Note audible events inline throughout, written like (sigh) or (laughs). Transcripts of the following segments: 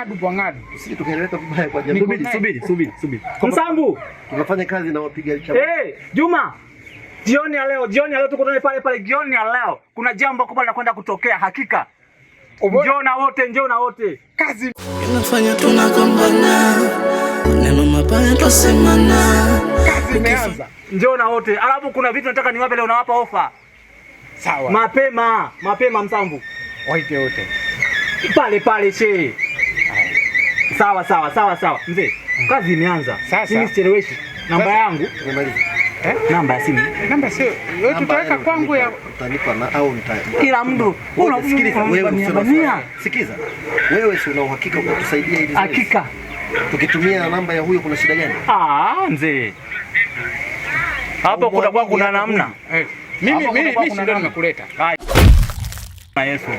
ng'adu kwa ng'adu, sisi tukaeleweka vibaya kwa jamii. Subiri, subiri, subiri, subiri. Msambu, tunafanya kazi na wapiga chama. Eh, Juma, jioni ya leo, jioni ya leo tukutane pale pale, jioni ya leo kuna jambo kubwa linakwenda kutokea hakika. Njoo na wote, njoo na wote. Kazi inafanya tunagombana. Neno mabaya tusemana. Kazi imeanza. Njoo na wote. Alafu kuna vitu nataka niwape leo, nawapa ofa. Sawa. Mapema, mapema Msambu. Waite wote. Pale pale she. Sawa sawa sawa sawa, mzee, mm. kazi imeanza. Mimi sicheleweshi namba yangu eh? namba ya simu, namba sio wewe, tutaweka kwangu ya utanipa na au nita kila mtu. Unasikiliza wewe, unasema. sikiza wewe, si una uhakika wa kutusaidia hili? Hakika tukitumia namba ya huyo kuna shida gani? Ah mzee, hapo kuna kwa eh. kuna namna. Mimi mimi mimi ndio nimekuleta Hai. Na Yesu.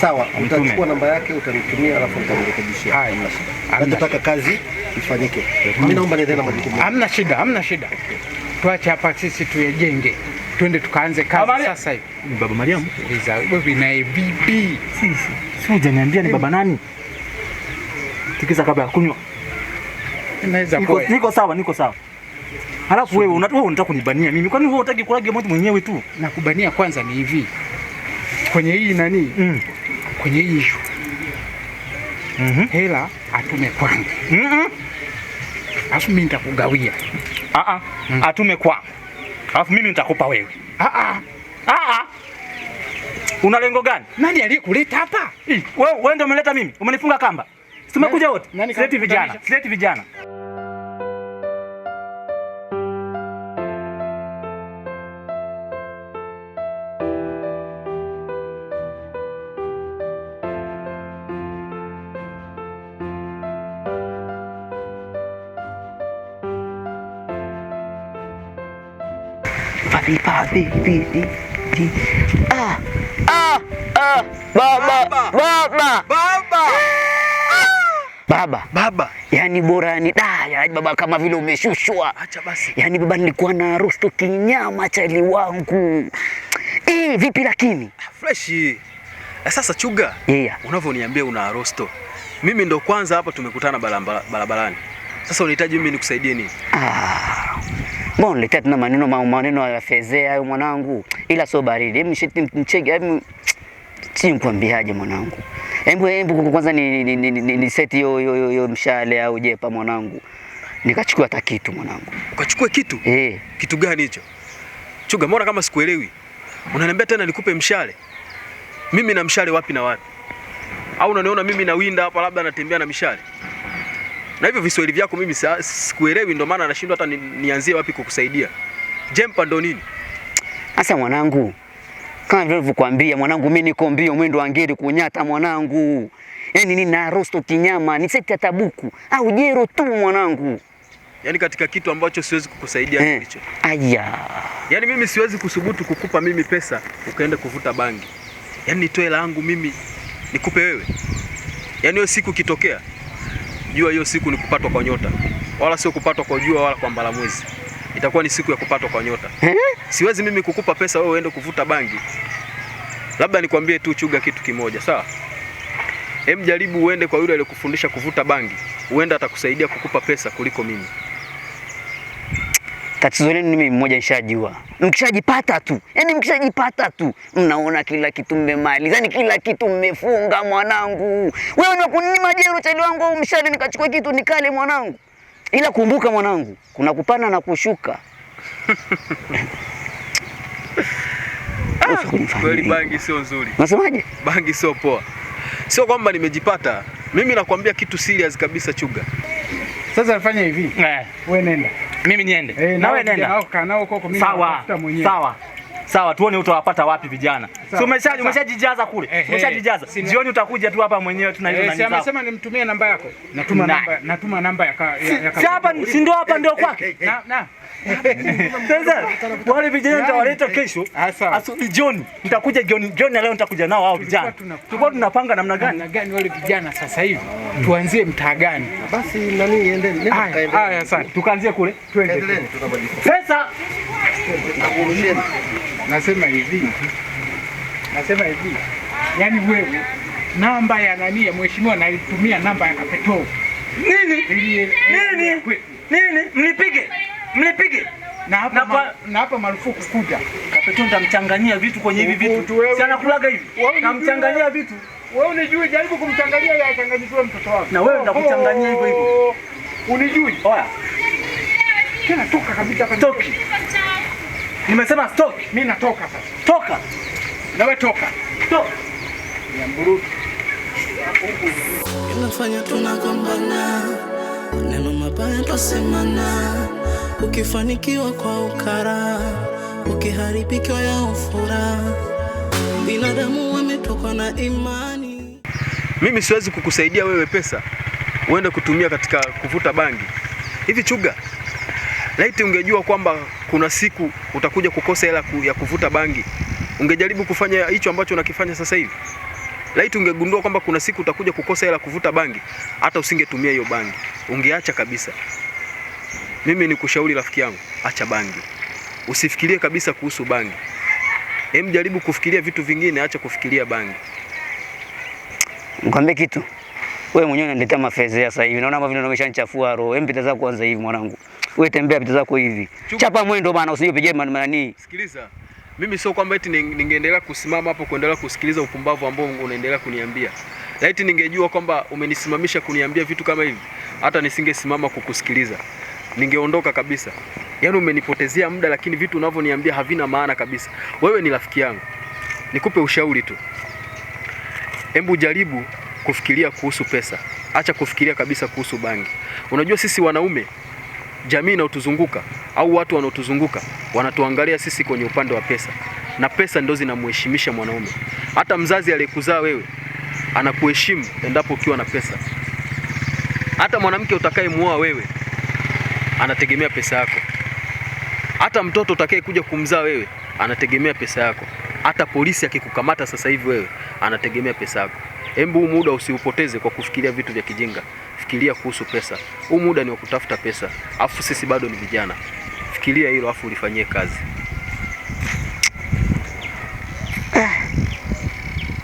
Sawa, utachukua namba yake utanitumia, alafu utanirekebishia. Haya, nataka kazi ifanyike. Mimi naomba niende na majukumu. Hamna shida, hamna shida, tuache hapa sisi tuyajenge, twende tukaanze kazi sasa hivi. Baba Mariam, wewe naye vipi? Sisi sio, hujaniambia ni baba nani? Tikiza kabla ya kunywa. Inaweza kuwa niko sawa, niko sawa halafu wewe unataka kunibania mimi? Kwani wewe unataka kulaga mtu mwenyewe tu? Nakubania kwanza ni hivi kwenye hii nani mm. kwenye hii ishu mm -hmm. hela atume kwangu mm -hmm. afu mimi nitakugawia. Ah mm. atume kwangu. Alafu mimi nitakupa wewe. Ah ah. Una lengo gani? Nani aliyekuleta hapa? Wewe wewe ndio umeleta mimi. Umenifunga kamba. Tumekuja wote. Sileti vijana. Sileti vijana. Ah. Ah, ah. Baba, baba, baba, baba, baba. Yani bora ni da ya baba, kama vile umeshushwa. Acha basi. Yani baba, nilikuwa na rosto kinyama cha wangu Eh, vipi lakini? Fresh. Eh, sasa chuga, yeah. Unavyoniambia una rosto, mimi ndo kwanza hapa tumekutana barabarani. Sasa unahitaji mimi nikusaidie nini? Ah. Mbona uniletea tena maneno maneno ya fezea hayo mwanangu? Ila sio baridi. Hebu mchege hebu si nikwambiaje mwanangu. Hebu hebu kwanza ni, ni, ni, ni, ni seti yo yo, yo, yo mshale au jepa mwanangu. Nikachukua hata kitu mwanangu. Ukachukua kitu? Eh. Kitu gani hicho? Chuga, mbona kama sikuelewi? Unaniambia tena nikupe mshale. Mimi na mshale wapi na wapi? Au unaniona mimi na winda hapa labda natembea na mishale? na hivyo viswahili vyako mimi sikuelewi, ndio maana nashindwa hata nianzie wapi kukusaidia. Jempa ndo nini sasa mwanangu? Kama nilivyokuambia mwanangu, mimi niko mbio mwendo wa ngiri kunyata mwanangu, yaani na rosto kinyama, ni seti ya tabuku au jero tu mwanangu, yaani katika kitu ambacho siwezi kukusaidia eh, hicho. eh. aya, yaani mimi siwezi kusubutu kukupa mimi pesa ukaenda kuvuta bangi, yaani nitoe langu mimi nikupe wewe, yaani hiyo siku kitokea jua hiyo siku ni kupatwa kwa nyota, wala sio kupatwa kwa jua wala kwa mbalamwezi. Itakuwa ni siku ya kupatwa kwa nyota. Eh? Siwezi mimi kukupa pesa wewe uende kuvuta bangi. Labda nikwambie tu Chuga kitu kimoja, sawa? Hem, jaribu uende kwa yule aliyokufundisha kuvuta bangi, huenda atakusaidia kukupa pesa kuliko mimi. Tatizo lenu mimi mmoja nishajua, mkishajipata tu, yani mkishajipata tu mnaona kila kitu mmemaliza, ni yaani kila kitu mmefunga. Mwanangu wewe ni kuninyima jero chali wangu au mshale nikachukua kitu nikale mwanangu, ila kumbuka mwanangu, kuna kupanda na kushuka. (laughs) Ah, kweli bangi sio nzuri, unasemaje? Bangi sio poa, sio kwamba nimejipata mimi. Nakwambia kitu serious kabisa, Chuga. Sasa nafanya hivi, eh. wewe nenda mimi niende hey, eh, nawe nenda sawa sawa sawa, tuone utawapata wapi vijana. Si umeshaji umeshajijaza kule hey, eh, umeshajijaza hey. Eh, Jioni utakuja tu hapa mwenyewe tuna hizo hey, nani sawa. Sema nimtumie namba yako, natuma na. namba natuma namba ya, ya, ya, si hapa si ndio hapa ndio kwake na, na. Sasa wale vijana nitawaleta yaani, eh, kesho ah, asubuhi jioni, nitakuja jioni jioni leo nitakuja nao hao vijana. Tulikuwa tunapanga namna gani namna gani wale vijana sasa hivi tuanzie mtaa gani? Basi nani endeni, haya sana, tukaanzie kule, twende sasa. Nasema hivi, nasema hivi, yani wewe namba ya nani ya mheshimiwa, nalitumia namba ya Kapetoo nini nini nini hapa na hapa marufuku kuja. Kapeto nitamchanganyia vitu kwenye hivi vitu. Si anakulaga hivi. Nitamchanganyia vitu. Wewe unijui, jaribu kumchanganyia ya changanyikiwe mtoto wako. Na wewe nitakuchanganyia hivyo hivyo. Unijui? Oya. Tena toka kabisa hapa. Toki. Nimesema stop. Mimi natoka sasa. Toka. Na wewe toka. Toka. Niamburuki. Inafanya tunagombana. Neno mabaya twasemana ukifanikiwa kwa ukara, ukiharibikiwa ya ufura. Binadamu wametokwa na imani. Mimi siwezi kukusaidia wewe pesa uende kutumia katika kuvuta bangi. Hivi Chuga, laiti ungejua kwamba kuna siku utakuja kukosa hela ya kuvuta bangi, ungejaribu kufanya hicho ambacho unakifanya sasa hivi? Laiti ungegundua kwamba kuna siku utakuja kukosa hela kuvuta bangi, hata usingetumia hiyo bangi, ungeacha kabisa. Mimi ni kushauri rafiki yangu, acha bangi, usifikirie kabisa kuhusu bangi. Hem, jaribu kufikiria vitu vingine, acha kufikiria bangi. Nikwambie kitu, wewe mwenyewe unaniletea mafezea sasa hivi, naona vile umeshanichafua roho. Hem, pita zako kwanza hivi mwanangu, wewe tembea, pita zako hivi, chapa mwendo bana, usijipige mani manani. Sikiliza mimi sio kwamba eti ningeendelea kusimama hapo kuendelea kusikiliza upumbavu ambao unaendelea kuniambia. Laiti ningejua kwamba umenisimamisha kuniambia vitu kama hivi, hata nisingesimama kukusikiliza ningeondoka kabisa. Yaani umenipotezea muda, lakini vitu unavyoniambia havina maana kabisa. Wewe ni rafiki yangu, nikupe ushauri tu, hebu jaribu kufikiria kuhusu pesa, acha kufikiria kabisa kuhusu bangi. Unajua sisi wanaume, jamii inayotuzunguka au watu wanaotuzunguka wanatuangalia sisi kwenye upande wa pesa, na pesa ndo zinamheshimisha mwanaume. Hata mzazi aliyekuzaa wewe anakuheshimu endapo ukiwa na pesa. Hata mwanamke utakayemuoa wewe anategemea pesa yako. Hata mtoto utakaye kuja kumzaa wewe anategemea pesa yako. Hata polisi akikukamata sasa hivi wewe anategemea pesa yako. Hebu huu muda usiupoteze kwa kufikiria vitu vya kijinga. Fikiria kuhusu pesa. Huu muda ni wa kutafuta pesa, afu sisi bado ni vijana. Fikiria hilo afu ulifanyie kazi.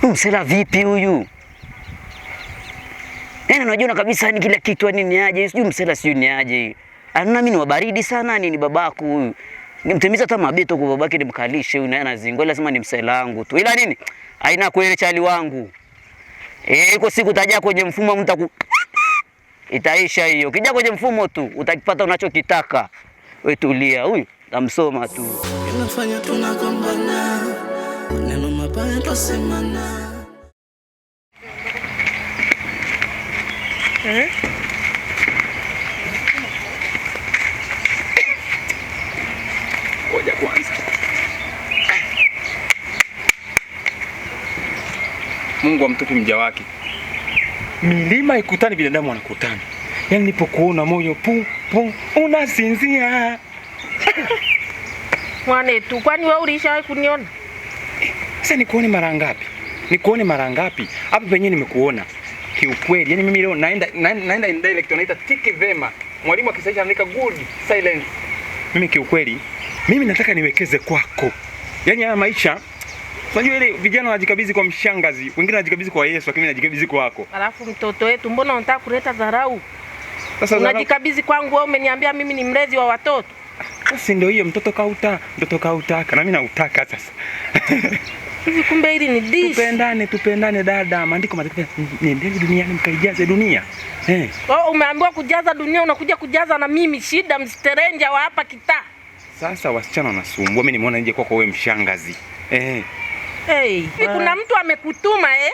Ah. Msela hmm, vipi huyu? Yaani unajiona kabisa ni kila kitu ni aje, sijui msela sijui ni aje anaona mimi ni wabaridi sana, ni ni babaku huyu. Nimtimiza hata mabeto kwa babake nimkalishe huyu naye anazingo ila sema ni mselangu tu. Ila nini? Aina kweli chali wangu. Eh, iko siku utaja kwenye mfumo mtaku itaisha hiyo. Kija kwenye mfumo tu utakipata unachokitaka. Wewe tulia huyu tamsoma tu. Inafanya tunagombana. Neno mabaya twasemana. Eh? Mungu amtupi mja wake. Milima ikutani, binadamu wanakutana. Yaani nilipokuona moyo pu pu unasinzia. (laughs) Mwane tu, kwani wewe ulishawahi kuniona? Sasa nikuone mara ngapi? Nikuone mara ngapi? Hapo penyewe nimekuona. Kiukweli, yaani mimi leo naenda naenda in direct wanaita tiki vema. Mwalimu akisaisha anaandika good silence. Mimi kiukweli, mimi nataka niwekeze kwako. Yaani haya maisha Unajua ile vijana wanajikabidhi kwa mshangazi, wengine wanajikabidhi kwa Yesu, lakini najikabidhi kwako. Alafu mtoto wetu, mbona unataka kuleta dharau? Sasa unajikabidhi kwangu wewe, umeniambia mimi ni mlezi wa watoto. Basi ndio hiyo, mtoto kauta, mtoto kautaka na mimi nautaka sasa. Hivi kumbe hili ni dish. Tupendane, tupendane dada. Maandiko matakatifu niendeni duniani mkaijaze dunia. Eh. Oh, umeambiwa kujaza dunia unakuja kujaza na mimi shida msterenja wa hapa kitaa. Sasa wasichana wanasumbua. Mimi nimeona nje kwako wewe mshangazi. Eh hey. Kuna mtu amekutuma eh?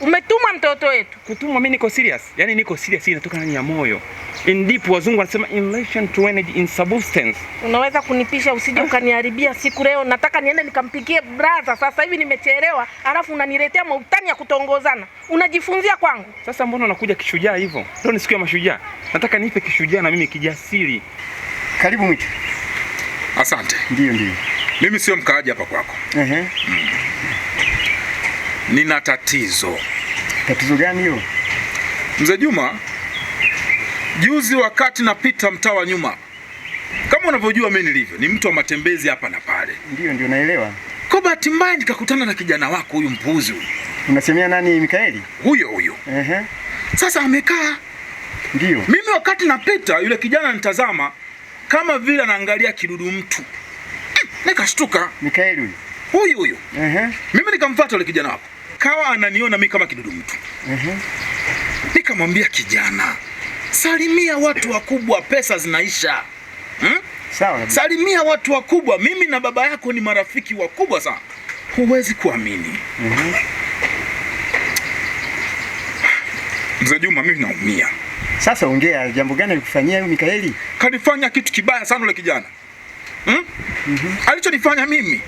Umetumwa mtoto wetu kutumwa. Mimi niko serious, yaani niko serious, hii inatoka ndani ya moyo in deep. Wazungu wanasema in relation to energy in substance. Unaweza kunipisha usije ah. ukaniharibia siku. Leo nataka niende nikampikie brother, sasa hivi nimechelewa, alafu unaniletea mautani ya kutongozana. Unajifunzia kwangu sasa? Mbona unakuja kishujaa hivyo? Leo ni siku ya mashujaa, nataka nipe kishujaa na mimi kijasiri. Karibu mwiti. Asante. Ndio, ndio, mimi sio mkaaji hapa kwako. uh -huh. mm nina tatizo. Tatizo gani hiyo? Mzee Juma, juzi wakati napita mtaa wa nyuma, kama unavyojua mimi nilivyo, ni mtu wa matembezi hapa na pale. Ndio, ndio naelewa. Kwa bahati mbaya nikakutana na kijana wako huyu mpuuzi huyu. Unasemea nani? Mikaeli huyo huyo. Ehe. Sasa amekaa ndio. Mimi wakati napita yule kijana nitazama kama vile anaangalia kidudu mtu. Hmm, nikashtuka. Mikaeli huyo. Huyo huyo. Ehe. Mimi nikamfuata yule kijana wako kawa ananiona mi kama kidudu mtu mm -hmm. Nikamwambia kijana, salimia watu wakubwa, pesa zinaisha hmm? Sawa, salimia watu wakubwa. Mimi na baba yako ni marafiki wakubwa sana, huwezi kuamini mm -hmm. Mzee Juma, mimi naumia sasa. Ongea, jambo gani alikufanyia huyu Mikaeli? Kanifanya kitu kibaya sana yule kijana hmm? mm -hmm. Alichonifanya mimi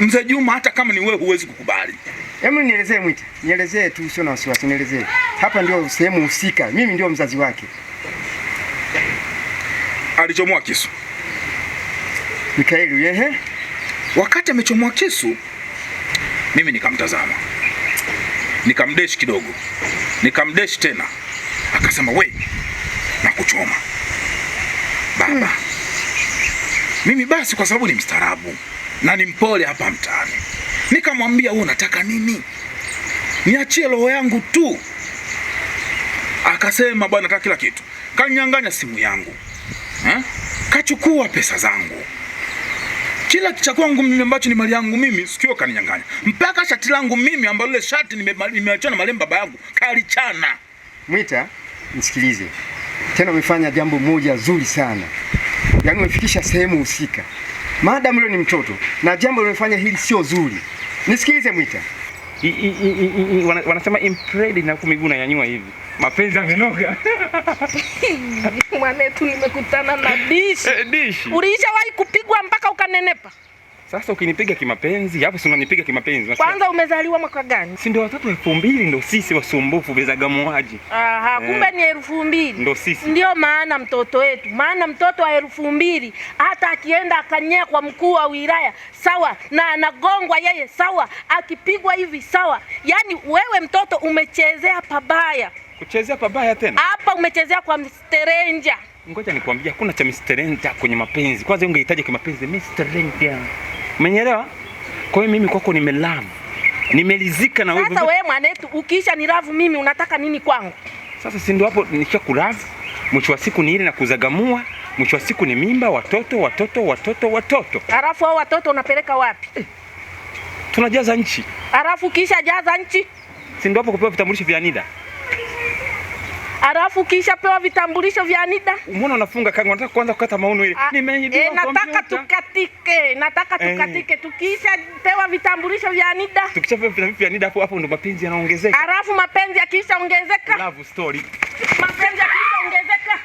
Mzee Juma, hata kama ni wewe huwezi kukubali. Hebu nielezee Mwita. Nielezee tu sio na wasiwasi, nielezee. Hapa ndio sehemu husika. Mimi ndio mzazi wake. Alichomoa kisu. Mikaeli, yehe. Wakati amechomoa kisu, mimi nikamtazama. nikamdeshi kidogo. nikamdeshi tena. Akasema, "We, nakuchoma." Baba. Hmm. Mimi basi kwa sababu ni mstaarabu na ni mpole hapa mtaani. Nikamwambia, wewe unataka nini? Niachie roho yangu tu. Akasema, bwana, nataka kila kitu. Kanyang'anya simu yangu ha? Eh? Kachukua pesa zangu, kila cha kwangu mimi ambacho ni mali yangu mimi, sikio kaninyang'anya, mpaka shati langu mimi ambalo ile shati nimeachana na marehemu baba yangu kalichana. Mwita, nisikilize tena, umefanya jambo moja zuri sana, yaani umefikisha sehemu husika, maadamu leo ni mtoto na jambo limefanya hili sio zuri. Nisikilize Mwita. I, i, i, i, wana, wanasema impred na miguu nyua hivi. Mapenzi yamenoga. (laughs) Mwanetu, nimekutana na dishi. Eh, Uliishawahi kupigwa mpaka ukanenepa? Sasa ukinipiga kimapenzi hapo, si unanipiga kimapenzi Kwanza umezaliwa mwaka gani? Si ndio watoto elfu mbili ndio sisi wasumbufu bezagamuaji. Aha, eh. kumbe eh, ni elfu mbili ndio sisi. Ndio maana mtoto wetu, maana mtoto wa elfu mbili hata akienda akanyea kwa mkuu wa wilaya sawa, na anagongwa yeye sawa, akipigwa hivi sawa. Yaani wewe mtoto umechezea pabaya. Kuchezea pabaya tena? Hapa umechezea kwa mstrenja. Ngoja nikwambie, hakuna cha mstrenja kwenye mapenzi. Kwanza ungehitaji kimapenzi mstrenja. Umenielewa? Kwa hiyo mimi kwako nimelamu, nimelizika na wewe. Sasa wewe mwanetu, ukiisha nilavu mimi unataka nini kwangu? Sasa si ndio hapo, nikisha kulavu mwisho wa siku ni ile na kuzagamua, mwisho wa siku ni mimba, watoto watoto watoto watoto. Alafu hao watoto unapeleka wapi? Eh, tunajaza nchi. Alafu kisha jaza nchi, si ndio hapo kupewa vitambulisho vya NIDA. Alafu kisha pewa vitambulisho vya NIDA. Umeona unafunga kanga, nataka kwanza kukata maono ile. Ah, eh, Nimeibiwa e, nataka tukatike, nataka eh. tukatike. Tukisha pewa vitambulisho vya NIDA. Tukisha pewa vitambulisho vya NIDA hapo hapo ndo mapenzi yanaongezeka. Alafu mapenzi yakisha ongezeka. Love story. Mapenzi yakisha ongezeka.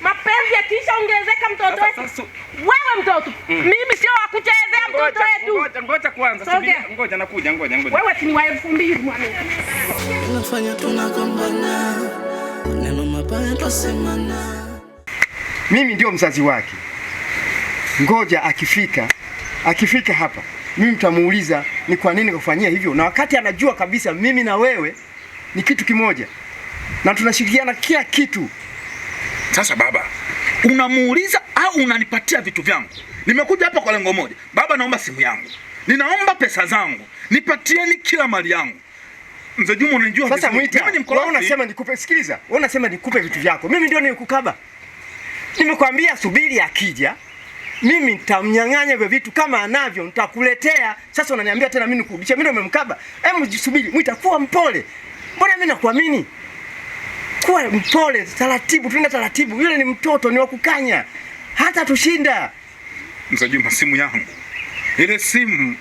Mapenzi yakisha ongezeka mtoto wetu. Wewe mtoto. Mm. Mimi sio wa kuchezea mtoto wetu. Ngoja ngoja kwanza. So, okay. Ngoja nakuja ngoja ngoja. Wewe si ni wa 2000 mwanangu. Tunafanya tunakombana maneno mabaya twasemana. Mimi ndio mzazi wake, ngoja akifika akifika hapa mimi nitamuuliza ni kwa nini kufanyia hivyo, na wakati anajua kabisa mimi na wewe ni kitu kimoja na tunashirikiana kila kitu. Sasa baba, unamuuliza au unanipatia vitu vyangu? Nimekuja hapa kwa lengo moja baba, naomba simu yangu, ninaomba pesa zangu, nipatieni kila mali yangu. Mzee Juma unanijua sasa, mwite. Wewe unasema nikupe, sikiliza, wewe unasema nikupe vitu vyako, mimi ndio nilikukaba. Nimekwambia subiri, akija mimi nitamnyang'anya hivyo vitu kama anavyo, nitakuletea. Sasa unaniambia tena mimi nikurudishie? Mimi ndio nimemkaba. Hebu jisubiri, mwita, kuwa mpole. Mbona mimi nakuamini? Kuwa mpole, taratibu, tuenda taratibu. Yule ni mtoto, ni wakukanya, hata tushinda. Mzee Juma, simu yangu ile simu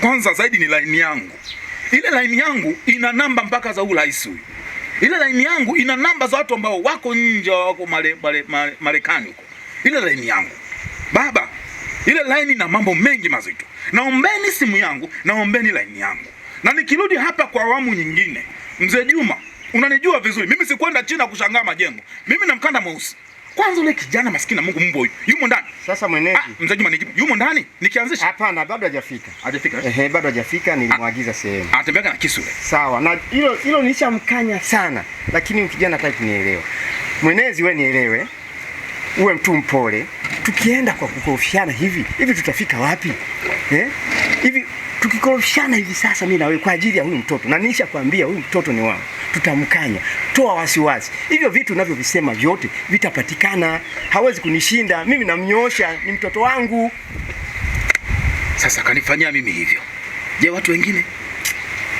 kwanza, zaidi ni laini yangu ile laini yangu ina namba mpaka za urais huyu. Ile laini yangu ina namba za watu ambao wako nje, wako Marekani huko. Ile laini yangu baba, ile laini na mambo mengi mazito. Naombeni simu yangu, naombeni laini yangu, na nikirudi hapa kwa awamu nyingine, mzee Juma unanijua vizuri, mimi sikwenda China kushangaa majengo, mimi na mkanda mweusi. Kwanza ule kijana maskini na Mungu mbo huyu. Yumo ndani. Sasa mwenyeji. Ah, mzaji manajibu. Yumo ndani. Nikianzisha. Hapana, bado hajafika. Hajafika. Eh? Ehe, bado hajafika nilimwagiza sehemu. Anatembea ah, na kisu Sawa. Na hilo hilo nilishamkanya sana, lakini kijana hataki kunielewa. Mwenezi wewe nielewe. Uwe mtu mpole. Tukienda kwa kukofiana hivi, hivi tutafika wapi? Eh? Hivi tukikorofishana hivi sasa mimi na wewe kwa ajili ya huyu mtoto, na nisha kwambia huyu mtoto ni wangu, tutamkanya. Toa wasiwasi, hivyo vitu unavyovisema vyote vitapatikana. Hawezi kunishinda mimi, namnyosha, ni mtoto wangu. Sasa kanifanyia mimi hivyo, je, watu wengine?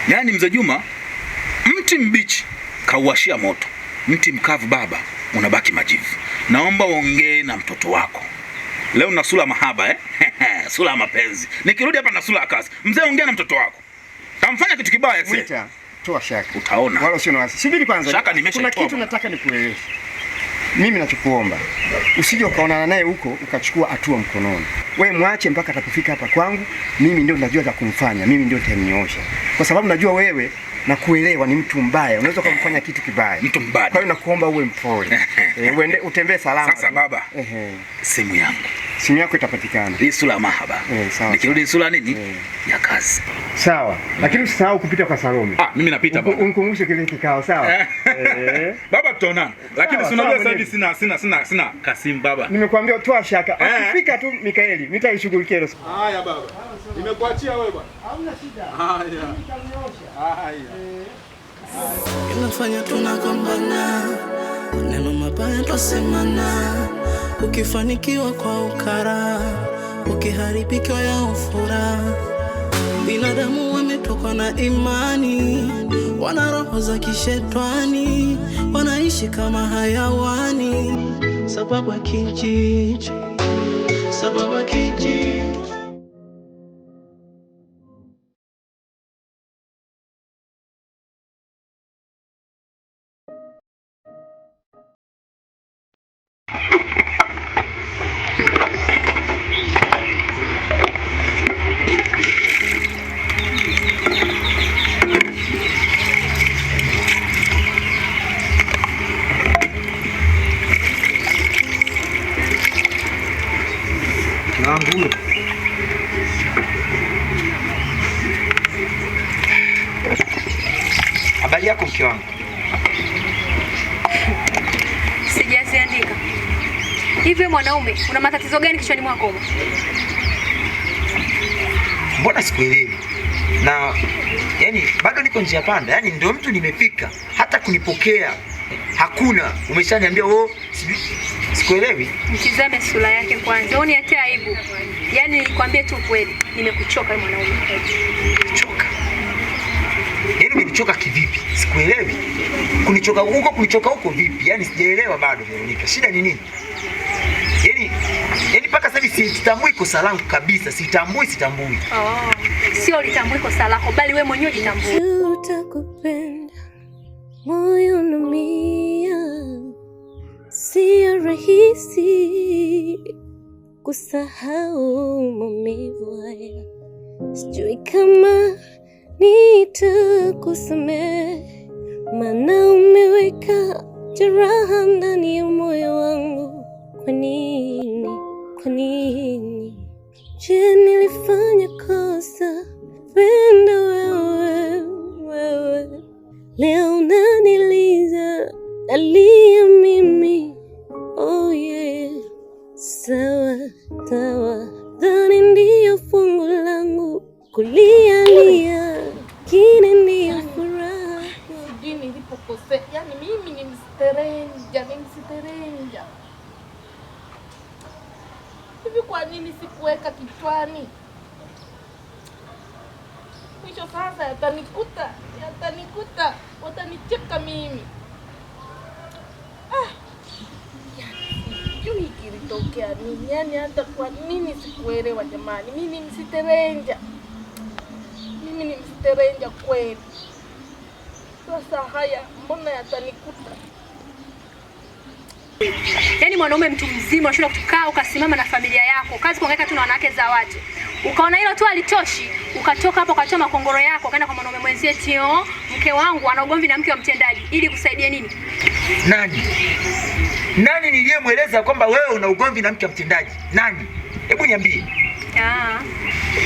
Yaani mzee Juma, mti mbichi kauashia moto, mti mkavu baba unabaki majivu. Naomba uongee na mtoto wako. Leo na sura mahaba eh? (laughs) sura ya mapenzi. Nikirudi hapa na sura ya kazi. Mzee, ongea na mtoto wako. Kamfanya kitu kibaya sasa. Mwita, toa shaka. Utaona. Wala sio na subiri kwanza. Shaka nimesha. Kuna kitu nataka nikueleze. Mimi nachokuomba usije ukaonana naye huko ukachukua hatua mkononi. Wewe mwache mpaka atakufika hapa kwangu. Mimi ndio najua za kumfanya. Mimi ndio tamnyoosha Kwa sababu najua wewe na kuelewa ni mtu mbaya, unaweza kumfanya kitu kibaya mtu mbaya. Kwa hiyo nakuomba uwe mpole (laughs) e, uende utembee salama. Sasa baba, ehe, simu yangu simu yako itapatikana hii sura mahaba Eh, sawa, nikirudi sura nini e, ya kazi sawa mm. Lakini usisahau kupita kwa Salome. Ah, mimi napita baba, unikumbushe kile kikao sawa eh. eh. (laughs) Baba tutaonana, lakini si unajua sasa hivi sina sina sina sina Kasim baba, nimekuambia toa shaka, eh. ukifika tu Mikaeli nitaishughulikia hilo. Haya baba. Nimekuachia wewe bwana. Hamna shida. Haya. Haya. Eh. Inafanya tunagombana, neno mabaya twasemana, ukifanikiwa kwa ukara, ukiharibikiwa ya ufura. Binadamu wametokwa na imani, wana roho za kishetwani, wanaishi kama hayawani, sababu ya kijiji, sababu ya kijiji mwanaume, una matatizo gani kichwani mwako? Mbona sikuelewi? Na yani bado niko njia panda, yani ndio mtu nimefika, hata kunipokea hakuna. Umeshaniambia wewe, oh, sikuelewi. Mtizame sura yake kwanza, ni atia aibu. Yani nikwambie tu kweli, nimekuchoka mwanaume. Choka yani umenichoka kivipi? Sikuelewi. Kunichoka huko kunichoka huko vipi? Yani sijaelewa bado, Veronica, shida ni nini? yani yani paka sasa sitambui kosa langu kabisa, sitambui sitambui. Oh. Sio litambui kosa lako bali wewe mwenyewe jitambue. Utakupenda. Moyo unaumia. Si rahisi kusahau maumivu haya. Sijui kama nitakusamehe, maana umeweka jeraha ndani ya moyo wangu. Kwa nini? Kwa nini? Je, nilifanya kosa? Penda wewe, wewe leo unaniliza, nalia mimi. Oh yeah, sawa sawa, dhani ndiyo fungu langu kulia kulialia, kine ndiyo furaha. Sijui nilipokosea, yani mimi ni msterenja, ni msterenja hivi kwa nini sikuweka kichwani? Mwisho sasa yatanikuta, yatanikuta, watanicheka mimi. Ah, yani kilitokea nini, yani, hata kwa nini sikuelewa jamani. Mimi ni msiterenja, mimi ni msiterenja kweli. Sasa haya, mbona yatanikuta? Yaani mwanaume mtu mzima unashinda kukaa ukasimama na familia yako, kazi kuongea tu na wanawake za watu. Ukaona hilo tu alitoshi, ukatoka hapo ukatoa makongoro yako ukaenda kwa mwanaume mwenzie tio, mke wangu ana ugomvi na mke wa mtendaji ili kusaidia nini? Nani? Nani niliyemweleza kwamba wewe una ugomvi na mke wa mtendaji? Nani? Hebu niambie. Ah.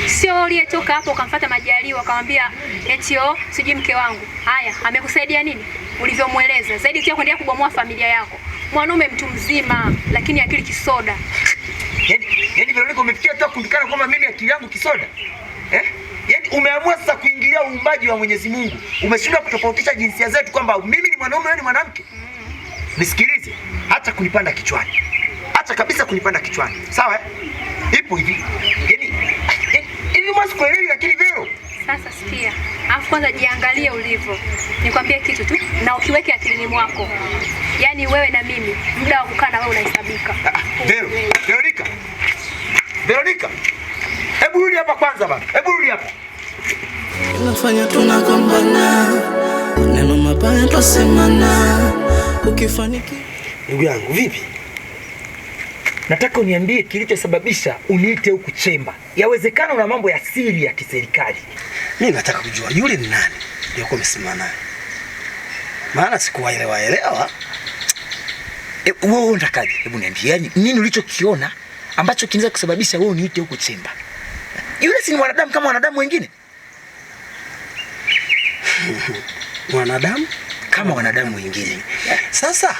Sio uliyetoka hapo ukamfuata Majaliwa akamwambia eti oh, sijui mke wangu. Haya, amekusaidia nini? Ulivyomweleza. Zaidi tia kuendelea kubomoa familia yako mwanaume mtu mzima, lakini akili kisoda. Yaani Veronica, yaani umefikia hata kundikana kwamba mimi akili yangu kisoda eh? Yaani umeamua sasa kuingilia uumbaji wa Mwenyezi Mungu, umeshindwa kutofautisha jinsia zetu kwamba mimi ni mwanaume, wewe ni mwanamke. Nisikilize, acha kunipanda kichwani, acha kabisa kunipanda kichwani, sawa eh? Ipo hivi, yaani, yaani hivi msikuelewi, lakini Vero sasa sikia, alafu kwanza jiangalie ulivyo. Nikwambie kitu tu na ukiweke akilini mwako, yaani wewe na mimi, muda wa kukaa na wewe unahesabika. Ah, Veronica, Veronica, hebu rudi hapa kwanza bana, hebu rudi hapa. Tunafanya tunagombana, neno mabaya twasemana, ukifanikiwa ndugu yangu vipi? Nataka uniambie kilichosababisha uniite huku Chemba. Yawezekana una mambo ya siri ya kiserikali. Mimi nataka kujua yule ni nani yuko umesimama naye, maana sikuwaelewa elewa. E, wewe unatakaje? Hebu niambie, yani nini ulichokiona ambacho kinaweza kusababisha wewe uniite huku Chemba? Yule si ni mwanadamu kama wanadamu wengine? (laughs) wanadamu kama wanadamu wengine. Sasa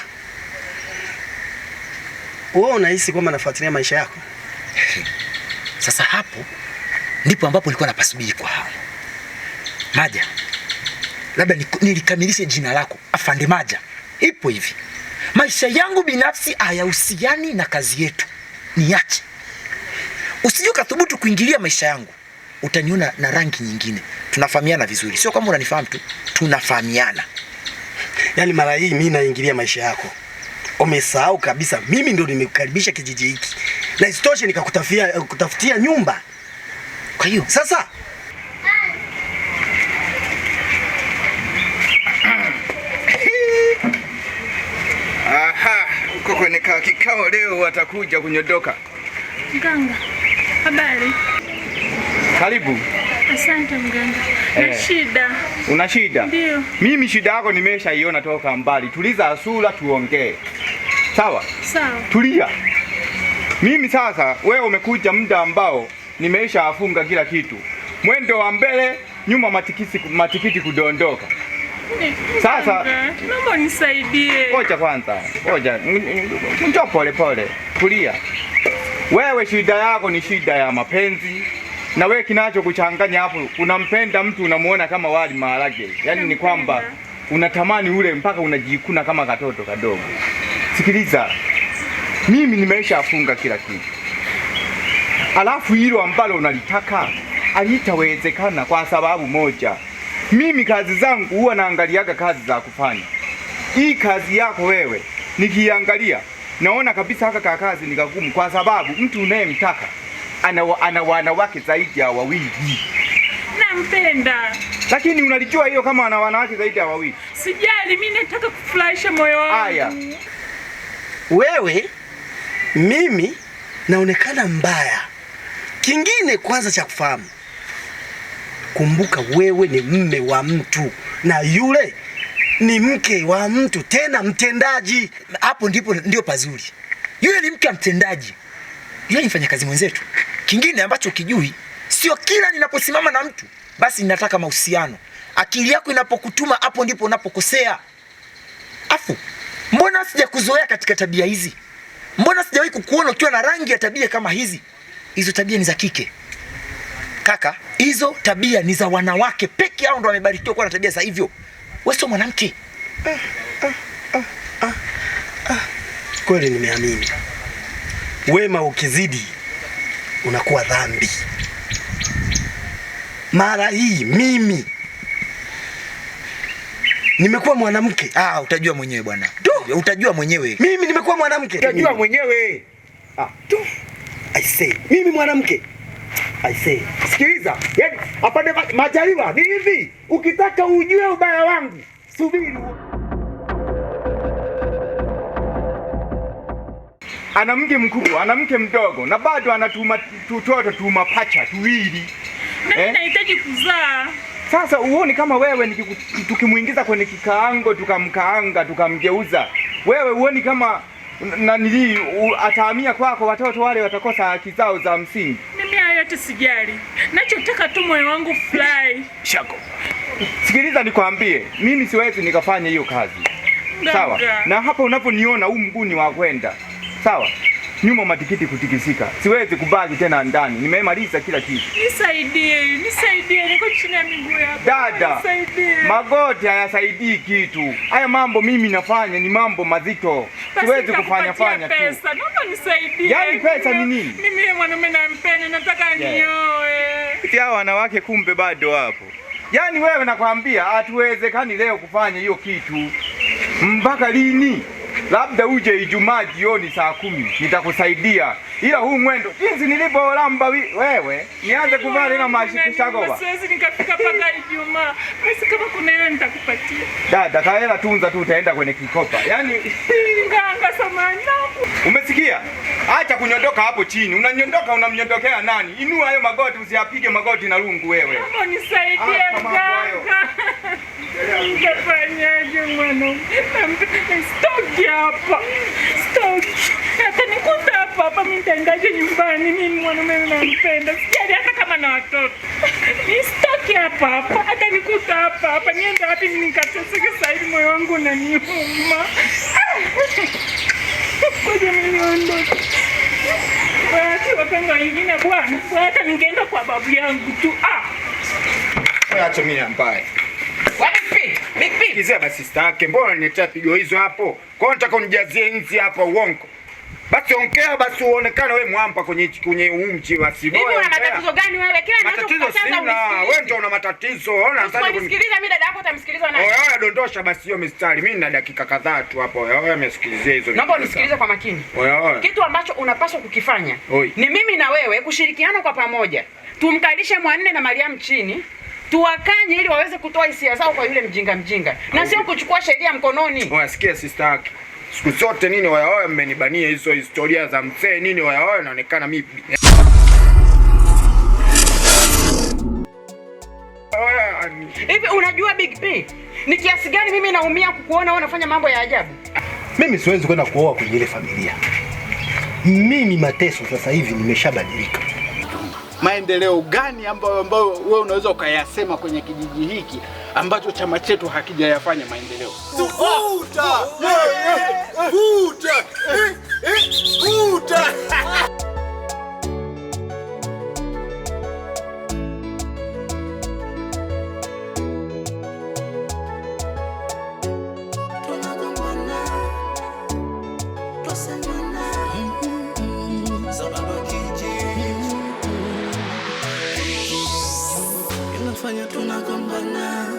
wewe unahisi kwamba nafuatilia maisha yako? (laughs) Sasa hapo ndipo ambapo ulikuwa napasubiri kwa hamu. Maja, labda nilikamilishe jina lako afande Maja. Ipo hivi, maisha yangu binafsi hayahusiani na kazi yetu, niache. Usijue kathubutu kuingilia maisha yangu, utaniona na rangi nyingine. Tunafahamiana vizuri, sio kama unanifahamu tu, tunafahamiana. Yaani mara hii mimi naingilia maisha yako umesahau kabisa mimi ndo nimekaribisha kijiji hiki na isitoshe nikakutafutia kutafutia nyumba. Kwa hiyo sasa Aha, uko kwenye kikao leo watakuja kunyodoka. Mganga, habari? Karibu. Asante mganga. eh, shida. Una shida? Ndio. Mimi shida yako nimeshaiona toka mbali. Tuliza asula tuongee. Sawa? Sawa. Tulia. Mimi sasa wewe umekuja muda ambao nimeisha afunga kila kitu. Mwendo wa mbele, nyuma matikisi matikiti kudondoka. Sasa naomba nisaidie. Ngoja kwanza. Ngoja. Njoo pole pole. Tulia. Wewe shida yako ni shida ya mapenzi na wewe kinacho kuchanganya hapo, unampenda mtu unamuona kama wali maharage, yaani ni kwamba unatamani ule mpaka unajikuna kama katoto kadogo. Sikiliza, mimi nimeshafunga kila kitu, alafu hilo ambalo unalitaka alitawezekana kwa sababu moja. Mimi kazi zangu huwa naangaliaga kazi za kufanya. Hii kazi yako wewe nikiangalia, naona kabisa haka ka kazi ni kagumu, kwa sababu mtu unayemtaka ana, ana wanawake zaidi ya wawili. Nampenda. Lakini unalijua hiyo kama ana wanawake zaidi ya wawili? Sijali, mimi nataka kufurahisha moyo wangu. Haya. Wewe mimi naonekana mbaya. Kingine kwanza cha kufahamu. Kumbuka wewe ni mme wa mtu na yule ni mke wa mtu tena mtendaji. Hapo ndipo ndio pazuri. Yule ni mke wa mtendaji. Yule ni mfanyakazi mwenzetu. Kingine ambacho kijui, sio kila ninaposimama na mtu basi ninataka mahusiano. Akili yako inapokutuma, hapo ndipo unapokosea. Afu mbona sijakuzoea katika tabia hizi? Mbona sijawahi kukuona ukiwa na rangi ya tabia kama hizi? Hizo tabia ni za kike kaka, hizo tabia ni za wanawake peke yao, ndo wamebarikiwa kuwa na tabia za hivyo. Wewe sio mwanamke. Kweli nimeamini wema ukizidi unakuwa dhambi. Mara hii mimi nimekuwa mwanamke. Ah, utajua mwenyewe bwana, utajua mwenyewe. Mimi nimekuwa mwanamke, utajua mwenyewe. Ah, I say mimi mwanamke I say, sikiliza, yani apande Majaliwa, ni hivi, ukitaka ujue ubaya wangu subiri. ana mji mkubwa, ana mke mdogo, na bado anatuma tutoto tumapacha tuwili. Eh? Nahitaji kuzaa. Sasa uone kama wewe tukimwingiza kwenye kikaango tukamkaanga tukamgeuza, wewe uone kama na nili atahamia kwako, watoto wale watakosa haki zao za msingi. Mimi hayo sijali, nachotaka tu moyo wangu fly shako. Sikiliza nikwambie, mimi siwezi nikafanya hiyo kazi Mganga. Sawa na hapa unaponiona huu mguu ni wa kwenda sawa? Nyuma matikiti kutikisika, siwezi kubaki tena ndani, nimemaliza kila kitu. Nisaidie, nisaidie, niko chini ya miguu yako dada, nisaidie. Magoti hayasaidii kitu. Haya mambo mimi nafanya ni mambo mazito, siwezi kufanya fanya tu. Pesa naomba nisaidie. Yaani pesa ni nini? Mimi mwanaume nampenda, nataka nioe. Hao wanawake kumbe bado hapo. Yaani wewe nakwambia, hatuwezekani leo kufanya hiyo kitu. Mpaka lini? labda uje Ijumaa jioni saa kumi, nitakusaidia ila huu mwendo jinsi nilivyolamba wewe, nianze kuvaa lina mashikishagoba. Siwezi nikafika paka Ijumaa. Basi kama kuna hiyo nitakupatia. Dada, kaela tunza tu utaenda kwenye kikopa. Yaani nganga samani. Umesikia? Acha kunyondoka hapo chini. Unanyondoka unamnyondokea nani? Inua hayo magoti usiyapige magoti na rungu wewe. Kama nisaidie ah, nganga. Ningefanyaje mwanangu? Stoki hapa. stoki Hata nikuta hapa hapa mimi shangazi nyumbani. Mimi mwanaume nampenda, sijali hata kama na watoto. Nisitaki hapa hapa, hata nikuta hapa hapa, nienda wapi? Nikateseke saa hivi, moyo wangu unaniuma. Ngoja (laughs) mimi niondoke. Basi wapendwa wengine, bwana, hata ningeenda kwa babu yangu tu. Ah, acha mimi ambaye basi sitake. Mbona niletea pigo hizo hapo? Kwa nini nataka unijazie nzi hapo uongo? Basi ongea basi uonekane wewe mwampa kwenye kwenye huu basi. wa Hivi una matatizo gani wewe? Kila ninachokukataza unisikilize. Wewe ndio una matatizo. Ona sasa. Unisikilize mimi dada yako utamsikiliza nani? Oh, Oya, dondosha basi hiyo mistari. Mimi na dakika kadhaa tu hapo. Oya, wewe umesikilizie hizo. Naomba unisikilize kwa makini. Oya, oya. Kitu ambacho unapaswa kukifanya Oi. ni mimi na wewe kushirikiana kwa pamoja. Tumkalishe Mwanne na Mariam chini. Tuwakanye ili waweze kutoa hisia zao kwa yule mjinga mjinga. Na sio kuchukua sheria mkononi. Oya, sikia sister yake siku zote nini wayaoya mmenibania hizo historia za mzee nini wayaoya, naonekana mimi hivi. Unajua Big P ni kiasi gani mimi naumia kukuona wewe unafanya mambo ya ajabu? Mimi siwezi kwenda kuoa kwenye ile familia. Mimi mateso sasa hivi nimeshabadilika. Maendeleo gani ambayo ambayo wewe unaweza ukayasema kwenye kijiji hiki ambacho chama chetu hakijayafanya maendeleo. Tunafanya tunagombana